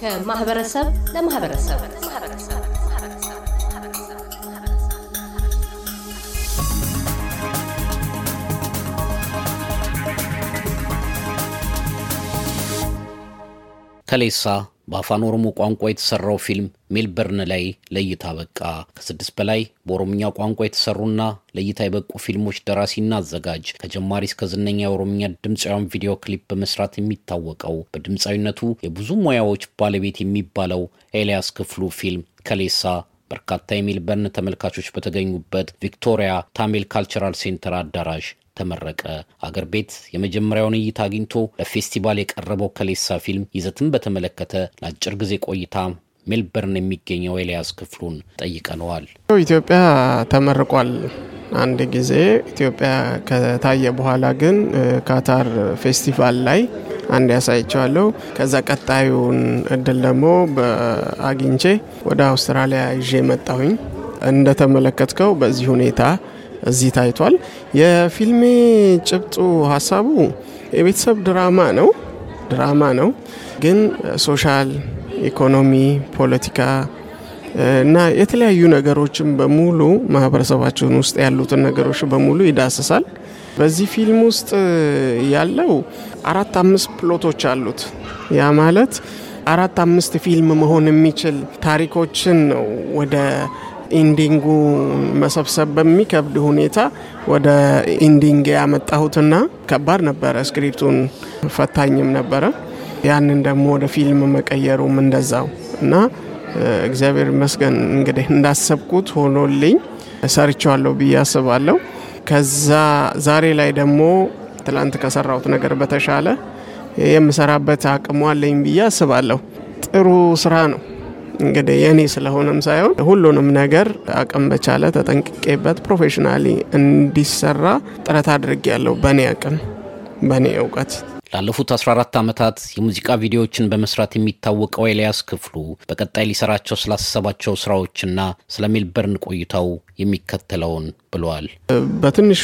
ከማህበረሰብ ለማህበረሰብ ከሌሳ በአፋን ኦሮሞ ቋንቋ የተሰራው ፊልም ሜልበርን ላይ ለእይታ በቃ። ከስድስት በላይ በኦሮምኛ ቋንቋ የተሰሩና ለእይታ የበቁ ፊልሞች ደራሲና አዘጋጅ ከጀማሪ እስከ ዝነኛ የኦሮምኛ ድምፃውያን ቪዲዮ ክሊፕ በመስራት የሚታወቀው በድምፃዊነቱ የብዙ ሙያዎች ባለቤት የሚባለው ኤልያስ ክፍሉ ፊልም ከሌሳ በርካታ የሜልበርን ተመልካቾች በተገኙበት ቪክቶሪያ ታሜል ካልቸራል ሴንተር አዳራሽ ተመረቀ። አገር ቤት የመጀመሪያውን እይታ አግኝቶ ለፌስቲቫል የቀረበው ከሌሳ ፊልም ይዘትን በተመለከተ ለአጭር ጊዜ ቆይታ ሜልበርን የሚገኘው ኤልያስ ክፍሉን ጠይቀነዋል። ኢትዮጵያ ተመርቋል አንድ ጊዜ ኢትዮጵያ ከታየ በኋላ ግን ካታር ፌስቲቫል ላይ አንድ ያሳይቸዋለሁ። ከዛ ቀጣዩን እድል ደግሞ በአግኝቼ ወደ አውስትራሊያ ይዤ መጣሁኝ። እንደተመለከትከው በዚህ ሁኔታ እዚህ ታይቷል። የፊልሜ ጭብጡ ሀሳቡ የቤተሰብ ድራማ ነው ድራማ ነው ግን ሶሻል፣ ኢኮኖሚ፣ ፖለቲካ እና የተለያዩ ነገሮችን በሙሉ ማህበረሰባችን ውስጥ ያሉትን ነገሮች በሙሉ ይዳስሳል። በዚህ ፊልም ውስጥ ያለው አራት አምስት ፕሎቶች አሉት። ያ ማለት አራት አምስት ፊልም መሆን የሚችል ታሪኮችን ነው ወደ ኢንዲንጉ መሰብሰብ በሚከብድ ሁኔታ ወደ ኢንዲንግ ያመጣሁትና ከባድ ነበረ። ስክሪፕቱን ፈታኝም ነበረ። ያንን ደግሞ ወደ ፊልም መቀየሩም እንደዛው እና እግዚአብሔር መስገን እንግዲህ እንዳሰብኩት ሆኖልኝ ሰርቸዋለሁ ብዬ አስባለሁ። ከዛ ዛሬ ላይ ደግሞ ትላንት ከሰራሁት ነገር በተሻለ የምሰራበት አቅሙ አለኝ ብዬ አስባለሁ። ጥሩ ስራ ነው። እንግዲህ የኔ ስለሆነም ሳይሆን ሁሉንም ነገር አቅም በቻለ ተጠንቅቄበት ፕሮፌሽናሊ እንዲሰራ ጥረት አድርግ ያለው በእኔ አቅም በእኔ እውቀት ላለፉት 14 ዓመታት የሙዚቃ ቪዲዮዎችን በመስራት የሚታወቀው ኤልያስ ክፍሉ በቀጣይ ሊሰራቸው ስላሰባቸው ስራዎችና ስለ ሜልበርን ቆይታው የሚከተለውን ብለዋል። በትንሹ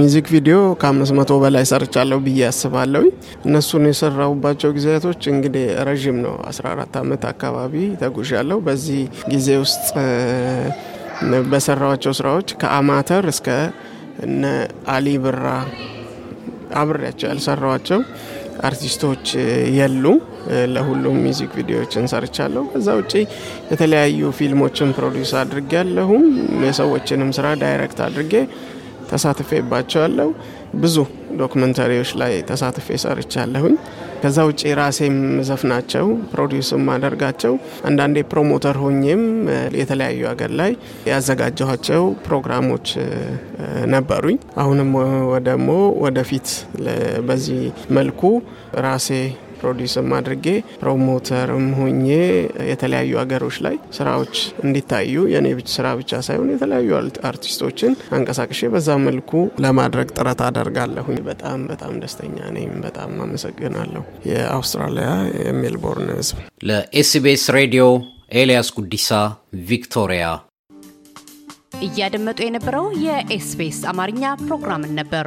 ሚዚክ ቪዲዮ ከ500 በላይ ሰርቻለሁ ብዬ አስባለሁ። እነሱን የሰራሁባቸው ጊዜያቶች እንግዲህ ረዥም ነው። 14 ዓመት አካባቢ ተጉዣለሁ። በዚህ ጊዜ ውስጥ በሰራቸው ስራዎች ከአማተር እስከ እነ አሊ ብራ አብሬያቸው ያልሰራዋቸው አርቲስቶች የሉ ለሁሉም ሚዚክ ቪዲዮዎችን ሰርቻለሁ። ከዛ ውጪ የተለያዩ ፊልሞችን ፕሮዲውስ አድርጌ ያለሁም የሰዎችንም ስራ ዳይሬክት አድርጌ ተሳትፌባቸዋለሁ ብዙ ዶክመንታሪዎች ላይ ተሳትፌ ሰርቻለሁኝ። ከዛ ውጭ ራሴም ዘፍናቸው ፕሮዲውስም አደርጋቸው አንዳንዴ ፕሮሞተር ሆኜም የተለያዩ ሀገር ላይ ያዘጋጀኋቸው ፕሮግራሞች ነበሩኝ። አሁንም ደግሞ ወደፊት በዚህ መልኩ ራሴ ፕሮዲውስም አድርጌ ፕሮሞተርም ሁኜ የተለያዩ ሀገሮች ላይ ስራዎች እንዲታዩ የእኔ ስራ ብቻ ሳይሆን የተለያዩ አርቲስቶችን አንቀሳቅሼ በዛ መልኩ ለማድረግ ጥረት አደርጋለሁኝ። በጣም በጣም ደስተኛ ነኝ። በጣም አመሰግናለሁ። የአውስትራሊያ የሜልቦርን ህዝብ። ለኤስቢኤስ ሬዲዮ ኤልያስ ጉዲሳ ቪክቶሪያ። እያደመጡ የነበረው የኤስቢኤስ አማርኛ ፕሮግራምን ነበር።